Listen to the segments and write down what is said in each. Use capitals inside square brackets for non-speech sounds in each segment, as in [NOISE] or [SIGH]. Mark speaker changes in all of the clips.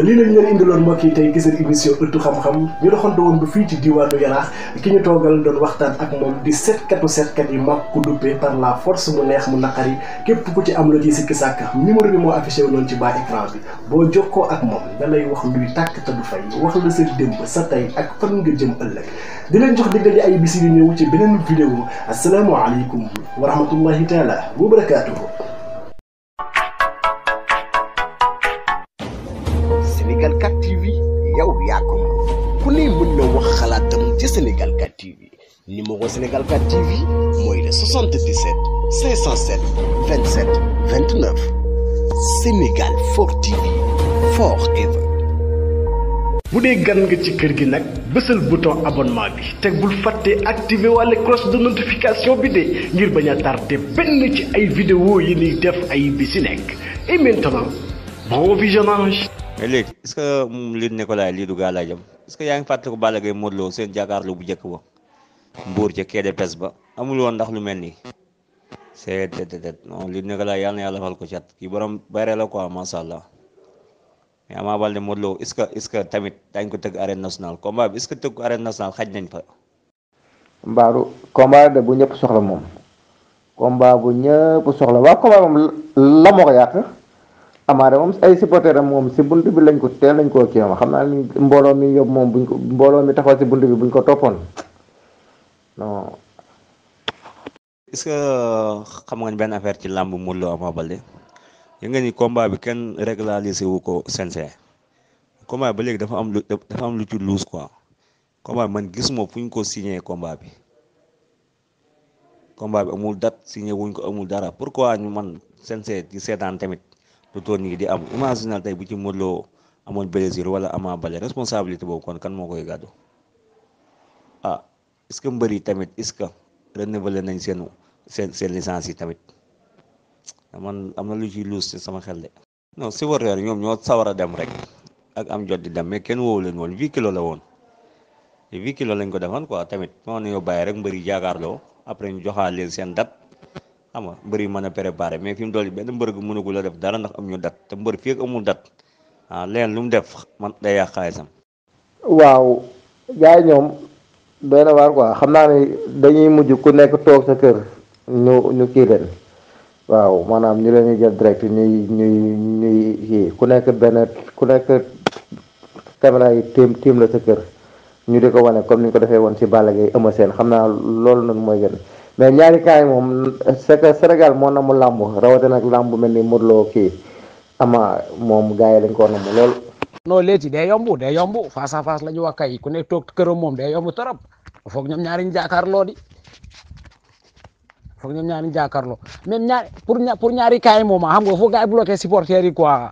Speaker 1: lii lañ leen indiloon moo kii tey giseen émission ëttu xam-xam ñu doxante woon ba fii ci diwaanu yaraax ki ñu toogal doon waxtaan ak moom di seetkatu seetkat yi mag ku duppee par la force mu neex mu naqari képp ku ci am la ci sikki sàkk numéro bi moo affiché wu noonu ci baa écran bi boo jokkoo ak moom da lay wax luy tàkk te du fay wax la sa démb sa tey ak fan nga jëm ëllëg di leen jox diggal yi ay bisi yu ñëw ci beneen vidéo asalaamaaleykum wa rahmatullahi taala wa barakaatuhu Sénégal 4 TV numéro Sénégal 4 TV il le 77 507 27 29 Sénégal 4 TV forever. Vous avez gan nga ci kër gi nag le bouton abonnement bi teg bul fàttee activé cloche de notification bi ne ngir bañ a tardé benn ci ay vidéo yi ni def ay et maintenant bon visionnage.
Speaker 2: est-ce que moom lii Nicolas Lidou du parce que yaa fatiko fàttaliku Balla Gaye Modou Lo seen bu njëkk ba mbuur ca quai de ba amul won ndax lu melni c'est c'est têtêtêt non li ne gala yalla yalla fal ko cat ki borom bare la quoi masha Allah mais Ama balde modlo est-ce que est-ce que tamit dañ ko teug arène nationale combat bi est-ce que tëgg ko arène nationale xaj nañ fa
Speaker 3: mbaru combat de bu ñëpp soxla mom combat bu ñëpp soxla wa combat mom la mo ko yàq amara mom ay supporter am moom si bunt bi lañ ko té lañ ko ké wax xamna ni mbolo mi yob mom buñ ko mbolo mi taxaw si buntu bi buñ ko topone
Speaker 2: non. est ce xam nga ben affaire ci lamb Modou Lo Ama balé ya nga ni combat bi ken régulariser wu ko CNG combat ba légui dafa am dafa am lu ci loose quoi combat man gis mo fuñ ko signé combat bi combat bi amul date signé wuñ ko amul dara pourquoi ñu man CNG di seetaan tamit. lu toon ñi di am imaginal tey bu ci Modou Lo amoon blessure wala Ama Baldé responsabilité boobu kon kan moo koy gàddu ah est-ce que mbër yi tamit est-ce que renouvelé nañ seen seen seen licence yi tamit man am na lu ciy luus ci sama xel de. non si waree ñoom ñoo sawar a dem rek ak am jot di dem mais kenn woowu leen woon huit kilo la woon huit kilo lañ ko defoon quoi tamit moo nañoo bàyyi rek mbër yi jaakaarloo après ñu joxaale leen seen date. xam nga mbër yi mën a préparé mais fi mu dool yi benn mbër gu mënagul a def dara ndax am ñu dat te mbër fii ak amul dat ah leen lu mu def man day yàq xaalisam
Speaker 3: waaw gars yi ñoom doy na waar quoi xam naa ne dañuy mujj ku nekk toog sa kër ñu kii leen waaw maanaam ñu leen di jël direct ñuy ñuy ñuy kii ku nekk benn ku nekk caméra yi tiim tiim la sa kër ñu di ko wane comme ni ñu ko defee woon ci Balla Gaye Eumeu Sène xam naa loolu nag mooy gën mais ñaari kaay moom c'est que Sénégal moo namu làmb rawatina ak làmb mel ni Modou Lo kii ama moom gars yi dañ koo lool.
Speaker 4: non léegi day yomb day yomb face à face la ñu wax kay ku nekk toog këram moom day yomb trop foog ñoom ñaari ñu jàkkaarloo di foog ñoom ñaari jàkkaarloo même ñaar pour pour ñaari kaay moom xam nga foog gars yi bloqué supporters yi quoi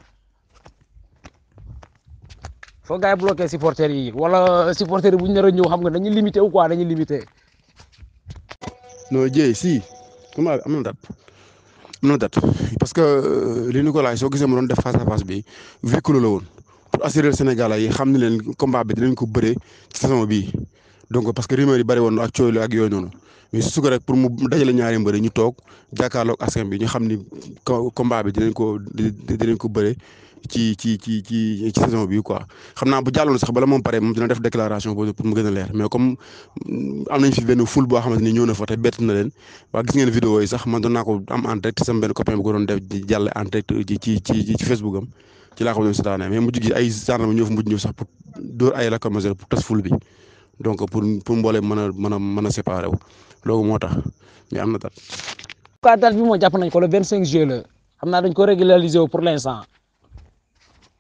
Speaker 4: foog gars yi bloqué supporters yi wala supporters yi bu ñu nar a ñëw xam nga dañuy limité wu quoi dañuy
Speaker 5: limité. no jëyee si combat am na date am na date parce que euh, li Nicolas soo gisee mu doon def face à face bi véhicule la woon pour assurer Sénégalais yi xam ne leen combat bi dinañ ko bëree ci saison bii donc parce que rumeur yi bëri woon ak cooy ak yooyu noonu mais su rek pour mu dajale ñaari mbëri ñu toog jàkkaarloog askan bi ñu xam ni combat bi dinañ ko dinañ ko bëree. ci ci saison bi quoi xam naa bu jàlloon sax bala moom pare moom dina def déclaration boobu mu gën a leer mais comme mm, am nañ fi benn ful boo xamante ni ñëw na fa am en direct sama benn ko doon def doon seetaanee mais mujj gi ay gendarme ñoo fa mujj ñëw sax pour dóor ay lacrymogène pour tas ful bi donc pour pour mboole mën a mën a a moo tax mais am na date. en
Speaker 4: tout cas date moo jàpp nañ ko le 25 juillet la xam naa dañ ko régulariser wu pour l'instant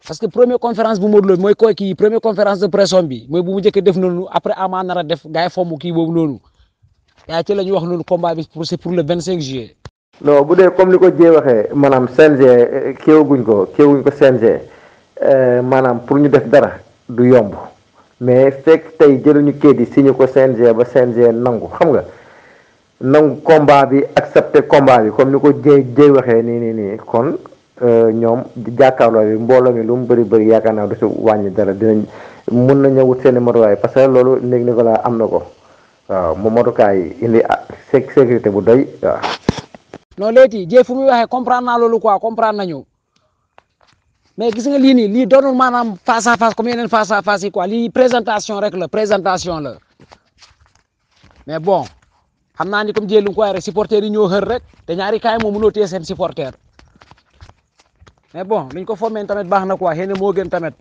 Speaker 4: parce que première conférence bu Modou Lo mooy ko kii première conférence de presse bi mooy bu mu njëkk def noonu après Ama nar def gars yi fomm kii boobu noonu yaa ci la ñuy wax noonu combat bi pour c'est pour le 25 juillet.
Speaker 3: non bu dee comme ni ko jee waxee maanaam CNG kéewaguñ ko kéewaguñ ko euh, maanaam pour ñu def dara du yomb mais fekk tey jëluñu kayit si signé ko CNG ba CNG nangu xam nga nangu combat bi accepté combat bi comme ni ko jee jee waxee nii nii ñoom jàkkaarloo bi mbooloo mi lu mu bëri bëri yaakaar naa du si wàññi dara dinañ mun na ñëwut seen i parce que loolu néeg ni ko laa am na ko waaw mu matukaay indi sécurité bu doy waaw.
Speaker 4: non léegi jéeg fu muy waxee comprendre naa loolu quoi comprendre nañu mais gis nga lii nii lii doonul maanaam face à face comme yeneen face à face yi quoi lii présentation rek la présentation la mais bon xam naa ni comme jéeg lu mu ko waxee rek supporter yi ñoo xër rek mais bon luñ ko fomé tamit baxna quoi xéne mo gën tamit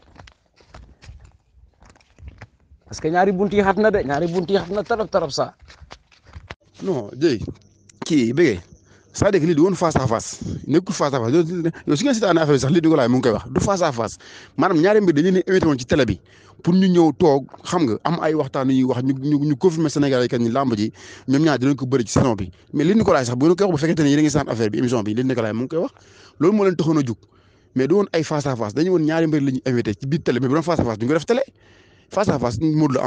Speaker 4: parce que ñaari bunti xatna de ñaari bunti xatna tarap tarap sa
Speaker 5: non dey ki bëgg sa dé li di won face à face nekul face à face yo su ngeen ci tane affaire sax li di ko lay mu ngi koy wax du face à face manam ñaari mbir dañu ne invité won ci télé bi pour ñu ñëw toog xam nga am ay waxtaan yu wax ñu ñu confirmer sénégal yi kan lamb ji ñaar dinañ ko bëri ci saison bi mais li ni ko lay sax bu wax bu affaire bi émission bi li ni ko lay mu ngi koy wax leen mais du woon ay face à face dañu woon ñaari mbir la invité ci biir mais bu doon face à ko def télé face à face Modou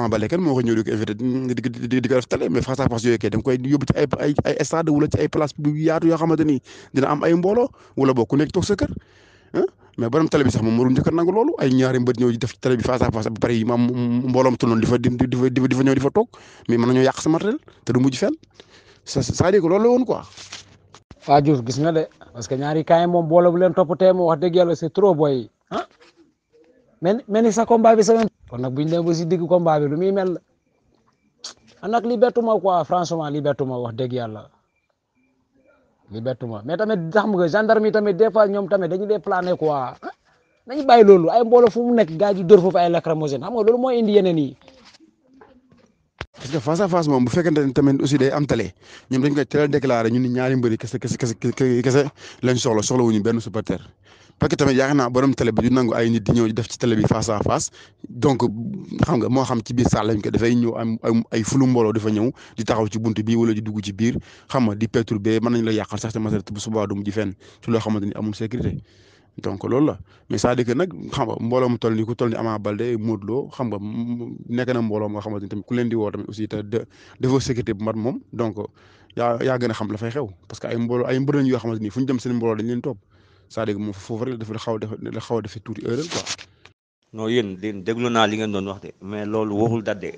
Speaker 5: Lo koy yóbbu ay stade wala ay place yaatu yoo xamante ni dina am ay mbooloo wala boo ku nekk toog sa kër mais borom télé bi sax moom moo doon nangu loolu ay ñaari mbër ñëw di def télé bi face à face ba pare yi maam mbooloom tulloon di fa di mais mën nañoo yàq sa matériel te du mujj fenn cest à loolu woon quoi Fajur gis na
Speaker 4: de parce que ñaari mom wadegi la bu len topote mo wax deug yalla c'est trop boy ah men mel sa combat bi sa yoon kon nak buñ dem demee ba combat bi lu mi mel anak ah, nag li bettuma quoi franchement li bettuma wax deug yalla li bettuma mais tamit tax mu nga gendarme tamit des fois ñom tamit dañu dé planer quoi dañu ah? bay lolu ay mbolo fu mu nek dor fofu ay lacrymogène xam nga lolu moy indi yeneen yi
Speaker 5: parce que face à face moom bu fekkente ne tamit aussi day am tale ñoom dañ koy teel a déclaré ñu ni ñaari mbëri kese kese kese kese lañ soxla soxla wuñu benn supporter parce que tamit yaakaar naa borom télé bi du nangu ay nit nga moo xam ci biir saal lañ ko dafay ñëw am ay fulu mbooloo dafa ñëw di taxaw ci bunt bi wala di dugg ci biir xam nga di perturbé mën nañ la yàqal sax te matériel bu subaa du mujj fenn ci loo xamante ni amul sécurité donc loolu la mais cest à nag xam nga mbooloo mu toll nii ku toll ni Ama Baldé Modou Lo xam nga nekk na mbooloo moo xamante ni tamit ku leen di woo tamit aussi te de defoo sécurité bu mat moom donc yaa yaa xam la fay xew parce que ay mbooloo ay mbër lañ yoo xamante ni fu ñu dem seen mbooloo dañ leen topp c'est-à-dire moom foofu rek dafa xaw a dafa xaw a defee tuuti
Speaker 2: naa li ngeen doon wax de mais loolu waxul date de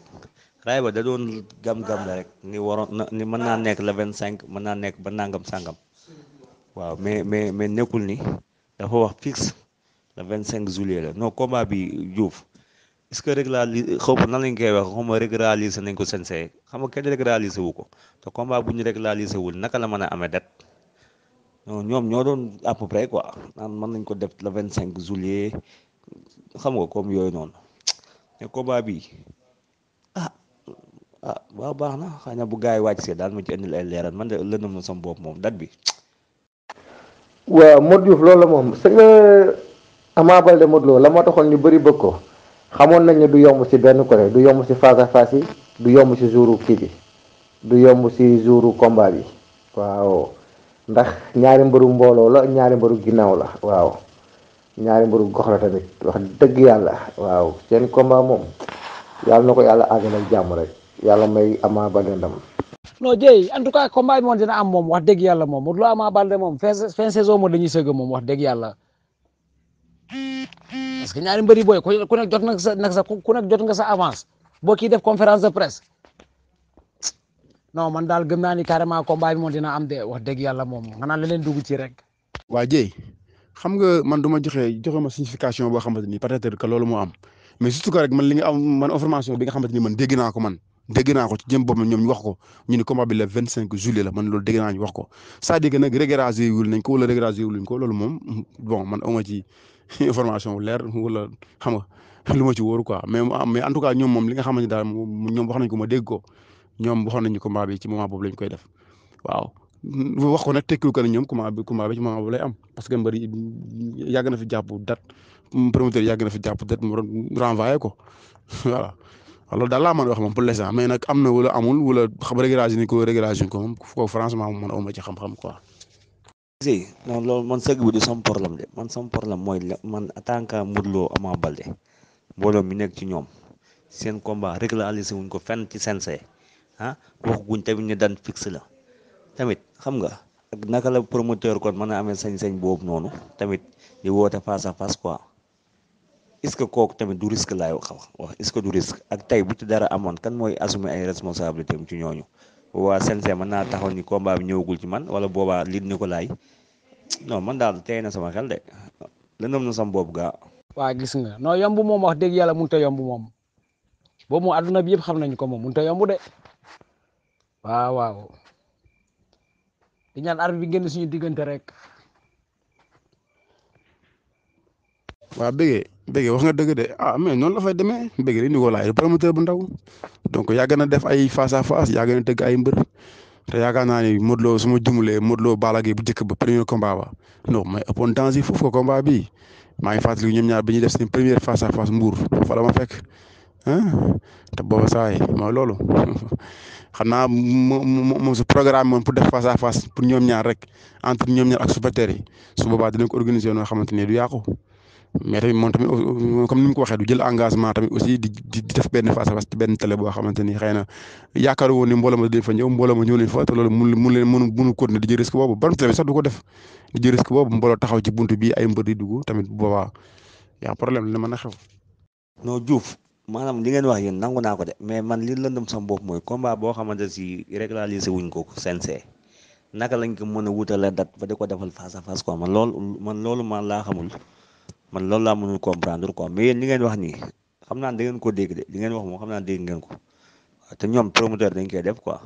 Speaker 2: raay ba da doon gam-gam la rek ni waroon na mën naa nekk la vingt cinq mën naa nekk ba nangam sangam waaw mais mais mais nekkul ni dafa wax fixe le vingt cinq juillet la non combat bi Diouf est-ce que régulariser xaw ma nan lañ koy wax xaw ma régulariser nañ ko sensé xam nga kenn régulariser wu ko te combat bu ñu régulariser wul naka la mën a amee date ñoom ñoo doon à peu mën nañ ko def le vingt cinq juillet xam nga comme yooyu noonu mais combat bi ah ah baax na xanaa bu gars yi wàcc see daal ma ci indil ay leeral man de lëndëm na sama bopp moom dat bi.
Speaker 3: waaw Modou Diouf loolu la moom c'est que Ama Baldé Modou Lô la moo taxoon ñu bari bëgg ko xamoon nañ ne du yomb si benn côté du yomb si face à face yi du yomb si jouru kii bi du yomb si jouru combat bi waaw ndax ñaari mbëru mbooloo la ñaari mbaru ginnaaw la waaw ñaari mbëru gox la tamit wax dëgg yàlla waaw seen combat moom yàlla na ko yàlla àggal ak jàmm rek yàlla may Ama Baldé ndam
Speaker 4: non Dieye en tout cas combat bi moom dina am moom wax dëgg yàlla moom Modou Lo Ama Baldé moom fin fin saison moom dañuy sëgg moom wax dëgg yàlla parce ku nekk jot nag sa nag sa ku nekk jot nga sa avance boo kii def conférence de presse non man daal gëm naa ni carrément combat bi moom dina am de wax dëgg yàlla moom xanaa leneen dugg ci
Speaker 5: rek. waa Dieye xam nga man du ma joxe joxe ma signification boo xamante ni peut-être loolu moo am mais surtout que rek man information bi nga xamante ni man dégg naa ko man. dégg naa ko ci jëm boppam ñoom ñu wax ko ñu ni combat bi le vingt cinq juillet la man loolu dégg naa ñu wax ko cest à nag régulariser wul nañ ko wala régulariser wul nañ ko loolu moom bon man awma ci [LAUGHS] information bu leer wala xam nga [LAUGHS] lu ma ci wóoru quoi mais mais en tout cas ñoom moom li nga xamante daal ñoom wax nañ ko ma dégg ko ñoom waxoon nañu combat bi ci moment boobu lañ koy def waaw wax ko nag tekkiwul ko ne ñoom combat ci moment boobu lay am parce que mbëri yàgg na fi jàpp date promoteur yàgg na fi jàpp date mu renvoyé ko [LAUGHS] voilà loolu daal laa mën a wax moom pour l'instant mais nag am na wala amul wala xam régulation ni ko régulation ko moom ko franchement man xam-xam quoi. si
Speaker 2: non man sëgg bi du sam problème de man sam problème mooy man en tant que Modou Lo Ama Baldé mbooloo nekk ci ñoom seen combat régularisé wuñ ko fenn ci seen CNG ah waxaguñ tamit ne daan fixe la tamit xam nga ak naka la promoteur kon mën a amee sañ-sañ boobu noonu tamit di woote face à face quoi. est-ce que kooku tamit du risque laay xaw wax est-ce que du risque ak tey bu ci dara amoon kan mooy assumer ay responsabilités am ci ñooñu waa CNG mën naa taxaw ni combat bi ci man wala boobaa li ni ko laay non man daal tey na sama xel de lëndëm na sama boobu gaa. waa gis nga non yomb
Speaker 4: moom wax dëgg yàlla mënut a yomb moom boobu mu adduna bi yëpp xam nañu ko moom mënut a yomb de waaw waaw di ñaan arbitre bi génn suñu diggante rek.
Speaker 5: waaw bëggee bëggee wax nga dëgg de ah mais noonu la fay demee bëggee di Nicolas promoteur bu ndaw donc yàgg na def ay face à face na tëgg ay mbër te yaakaar naa ni Modou su ma jumulee Modou Lo Balla bu njëkk ba premier combat ba non mais ëppoon bi maa ngi fàttali ñoom ñaar bi ñuy def seen première face à face mbuur ma fekk te booba saa yi mooy loolu [LAUGHS] xam naa moom su programme moom pour def face à pour ñoom ñaar rek entre ñoom ñaar ak supporters yi su boobaa dinañ ko organiser noo xamante ne du yàqu. mais tamit moom tamit comme ni mu ko waxee du jël engagement tamit aussi di di def benn face à face benn télé boo xamante ni xëy na yaakaar woon ne mbooloo ma dañ fa ñëw mbooloo ma ñëw nañ fa te loolu mun mun leen mun mënu continuer di jël risque boobu ban télé bi sax du ko def di jël boobu mbooloo taxaw ci buntu bi ay mbër di dugg tamit boobaa yaa problème na man a xew.
Speaker 2: non Diouf maanaam li ngeen wax yéen nangu naa ko de mais man li lëndëm sama bopp mooy combat boo xamante si régulariser wuñ ko sensé naka lañ ko mën a wutale date ba di ko defal face à face quoi man loolu man loolu man laa xamul man loolu laa mënul comprendre ko mais yéen li ngeen wax nii xam naa da ngeen ko dégg de li ngeen wax moom xam naa dégg ko te ñoom promoteur dañ koy def quoi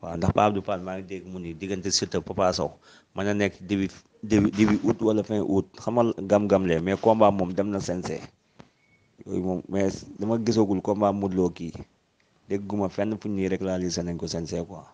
Speaker 2: waaw ndax Pape Abdou Fall maa ngi dégg mu ni diggante Siteu Papa Sow mën na nekk début début début out wala fin août xamal gam-gam lee mais combat moom dem na sensé yooyu moom mais dama gisagul combat mu loo kii dégguma fenn fu ñuy rek laa lii nañ ko sensé quoi.